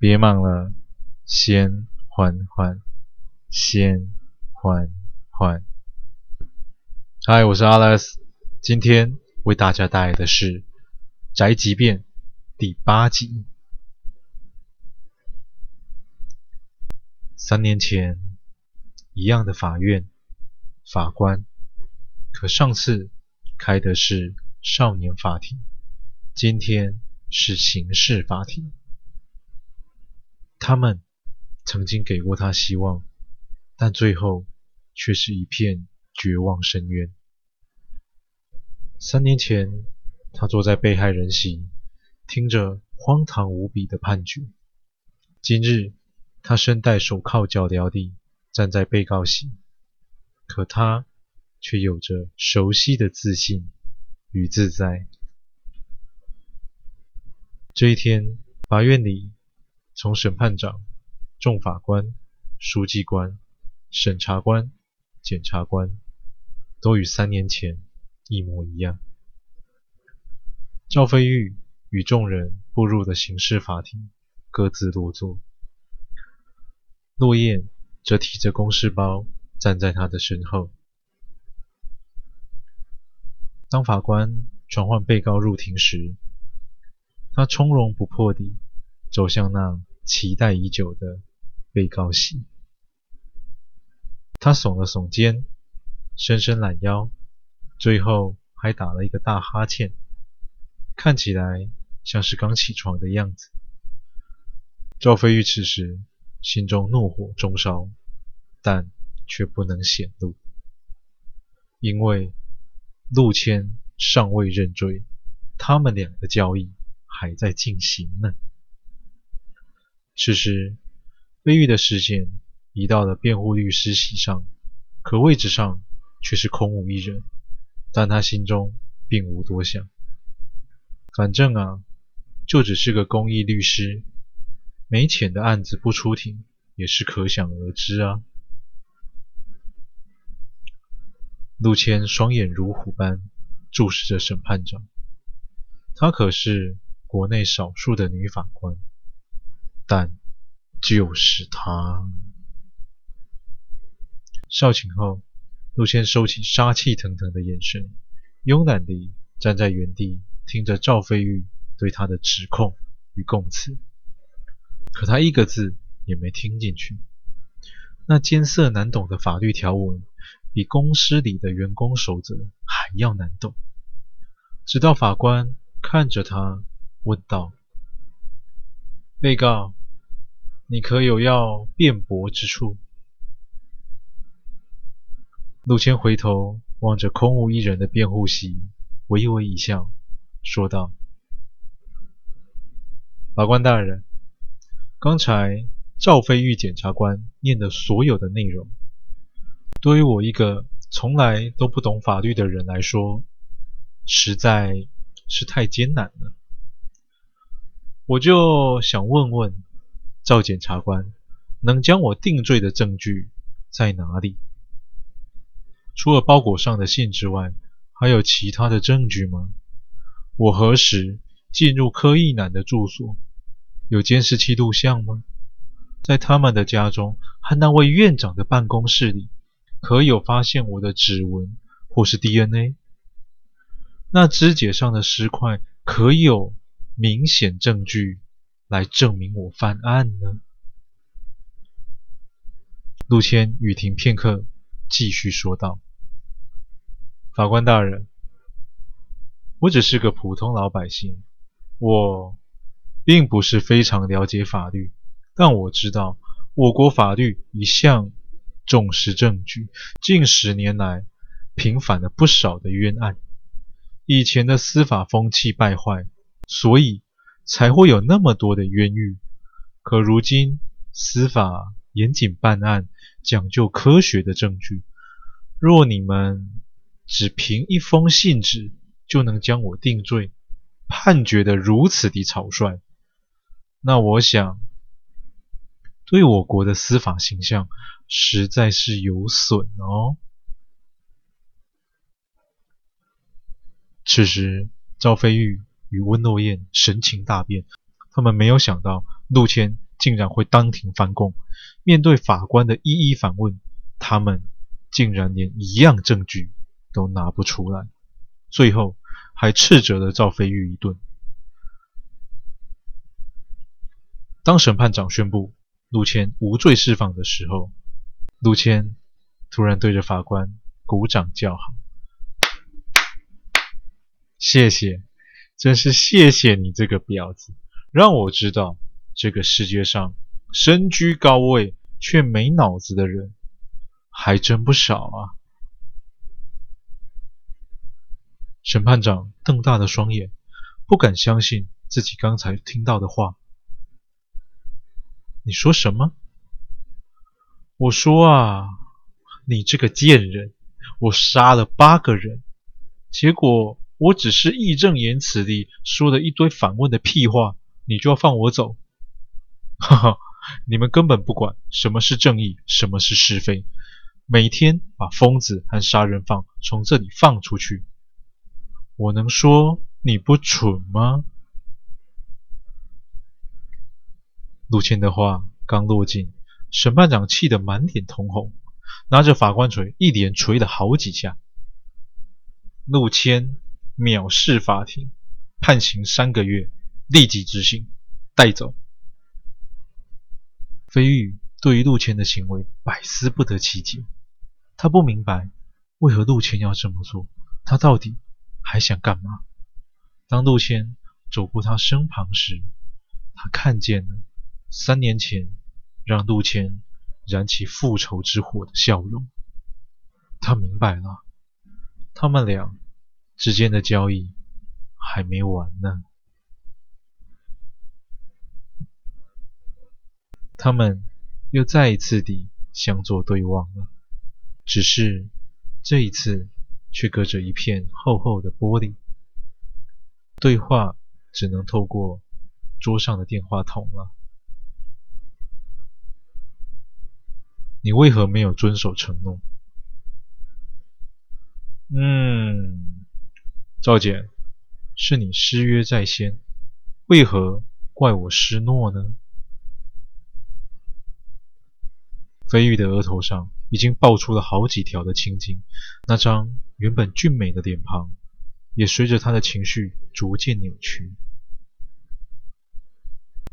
別忙了，先緩緩，先緩緩。嗨，我是 Alex，今天為大家帶來的是《宅急便》第八集。三年前，一樣的法院、法官，可上次開的是少年法庭，今天是刑事法庭。他們曾經給過他希望，但最後卻是一片絕望深淵。三年前，他坐在被害人席，聽着荒唐無比的判決；今日，他身戴手銬腳鐐地站在被告席，可他卻有着熟悉的自信與自在。這一天，法院裡。從審判長、眾法官、書記官、審查官、檢察官，都與三年前一模一樣。趙飛玉與眾人步入了刑事法庭，各自落座。洛雁則提着公事包站在他的身後。當法官傳喚被告入庭時，他從容不迫地走向那期待已久的被告席。他聳了聳肩，伸伸懶腰，最後還打了一個大哈欠，看起來像是剛起床的樣子。趙飛玉此時心中怒火中燒，但卻不能顯露，因為陸謙尚未認罪，他們兩個交易還在進行呢。此時，飛玉的視線移到了辯護律師席上，可位置上卻是空無一人。但他心中並無多想，反正啊，就只是個公益律師，沒錢的案子不出庭也是可想而知啊。陸謙雙眼如虎般注視着審判長，她可是國內少數的女法官。就是她。少頃後，陸謙收起殺氣騰騰的眼神，慵懶地站在原地，聽着趙飛玉對他的指控與供詞。可他一個字也沒聽進去，那艱澀難懂的法律條文，比公司裡的員工守則還要難懂。直到法官看着他，問道：“被告。”你可有要辯駁之處？陸謙回頭望着空無一人的辯護席，微微一笑，說道：“法官大人，剛才趙飛玉檢察官念的所有的內容，對於我一個從來都不懂法律的人來說，實在是太艱難了。我就想問問。”趙檢察官，能將我定罪的證據在哪裡？除了包裹上的信之外，還有其他的證據嗎？我何時進入柯義男的住所？有監視器錄像嗎？在他們的家中和那位院長的辦公室裡，可有發現我的指紋或是 DNA？那肢解上的屍塊可有明顯證據？來證明我犯案呢？陸謙語停片刻，繼續說道：“法官大人，我只是個普通老百姓，我並不是非常了解法律，但我知道我國法律一向重視證據，近十年來平反了不少的冤案，以前的司法風氣敗壞，所以，”才會有那麼多的冤獄。可如今司法嚴謹辦案，講究科學的證據。若你們只憑一封信紙就能將我定罪，判決得如此的草率，那我想，對我國的司法形象實在是有損哦。此時，趙飛玉。與洛雁神情大變，他們沒有想到陸謙竟然會當庭翻供。面對法官的一一反問，他們竟然連一樣證據都拿不出來，最後還斥責了趙飛玉一頓。當審判長宣布陸謙無罪釋放的時候，陸謙突然對着法官鼓掌叫好：“謝謝。”真是謝謝你這個婊子，讓我知道這個世界上身居高位卻沒腦子的人還真不少啊！審判長瞪大了雙眼，不敢相信自己剛才聽到的話。你說什麼？我說啊，你這個賤人，我殺了八個人，結果……我只是義正言辭地說了一堆反問的屁話，你就要放我走？哈哈，你們根本不管什麼是正義，什麼是是非，每天把瘋子和殺人犯從這裡放出去，我能說你不蠢嗎？陸謙的話剛落盡，審判長氣得滿臉通紅，拿着法官槌一連錘了好幾下。陸謙。藐視法庭，判刑三個月，立即執行，帶走。飛玉對於陸謙的行為百思不得其解，他不明白為何陸謙要這麼做，他到底還想幹嘛？當陸謙走過他身旁時，他看見了三年前讓陸謙燃起復仇之火的笑容，他明白了，他們倆。之間的交易，還沒完呢。他們又再一次地相坐對望了，只是這一次卻隔着一片厚厚的玻璃，對話只能透過桌上的電話筒了。你為何沒有遵守承諾？嗯。趙檢，是你失約在先，為何怪我失諾呢？飛玉的額頭上已經爆出了好幾條的青筋，那張原本俊美的臉龐，也隨着他的情緒逐漸扭曲。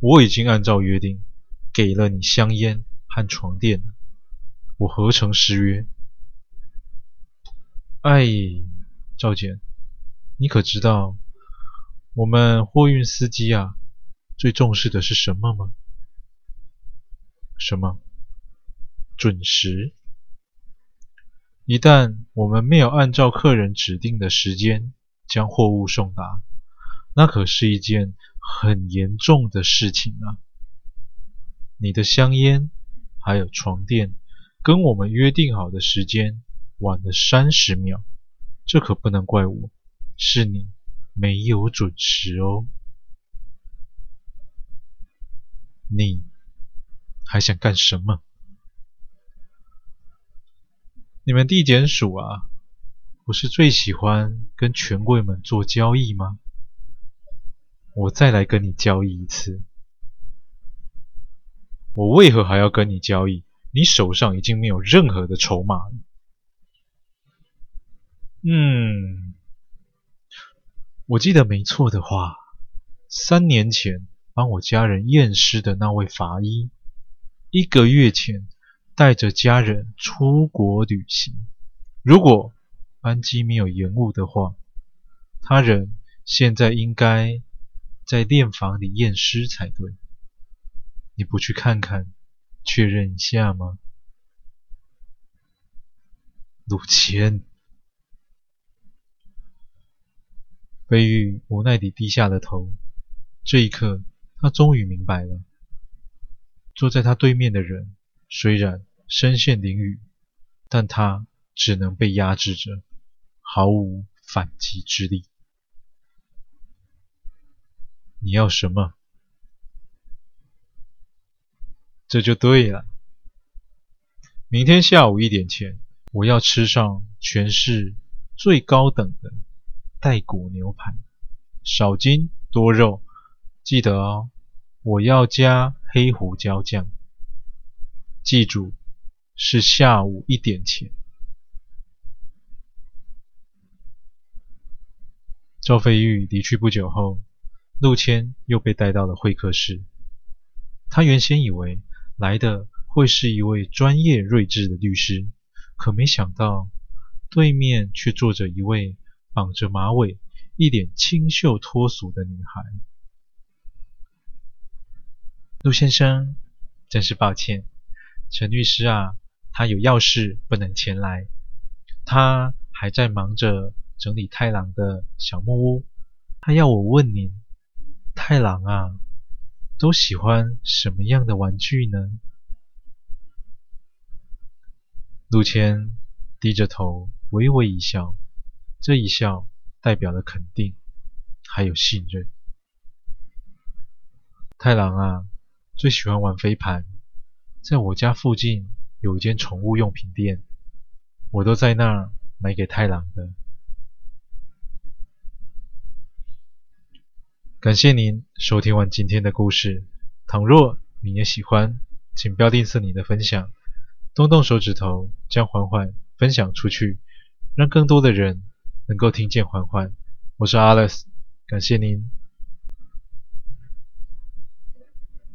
我已經按照約定，給了你香菸和床墊，我何曾失約？哎，趙檢。你可知道，我們貨運司機啊，最重視的是什麼嗎？什麼？準時。一旦我們沒有按照客人指定的時間將貨物送達，那可是一件很嚴重的事情啊。你的香菸還有床墊，跟我們約定好的時間晚了三十秒，這可不能怪我。是你沒有準時哦，你還想幹什麼？你們地檢署啊，不是最喜歡跟權貴們做交易嗎？我再來跟你交易一次，我為何還要跟你交易？你手上已經沒有任何的籌碼了。嗯。我記得沒錯的話，三年前幫我家人驗屍的那位法醫，一個月前帶着家人出國旅行。如果班機沒有延誤的話，他人現在應該在殮房裡驗屍才對。你不去看看，確認一下嗎？陸謙。飛玉無奈地低下了頭。這一刻，他終於明白了：坐在他對面的人雖然身陷囹圄，但他只能被壓制着，毫無反擊之力。你要什麼？這就對了。明天下午一點前，我要吃上全市最高等的。帶骨牛排，少筋多肉，記得哦。我要加黑胡椒醬。記住，是下午一點前。趙飛玉離去不久後，陸謙又被帶到了會客室。他原先以為來的會是一位專業睿智的律師，可沒想到對面卻坐着一位。綁着馬尾，一臉清秀脫俗的女孩。陸先生，真是抱歉，陳律師啊，他有要事不能前來，他還在忙着整理太郎的小木屋。他要我問您，太郎啊，都喜歡什麼樣的玩具呢？陸謙低着頭，微微一笑。這一笑代表了肯定，還有信任。太郎啊，最喜歡玩飛盤。在我家附近有一間寵物用品店，我都在那兒買給太郎的。感謝您收聽完今天的故事。倘若你也喜歡，請標定四你的分享，動動手指頭，將緩緩分享出去，讓更多的人。能夠聽見環環，我是 Alice，感謝您。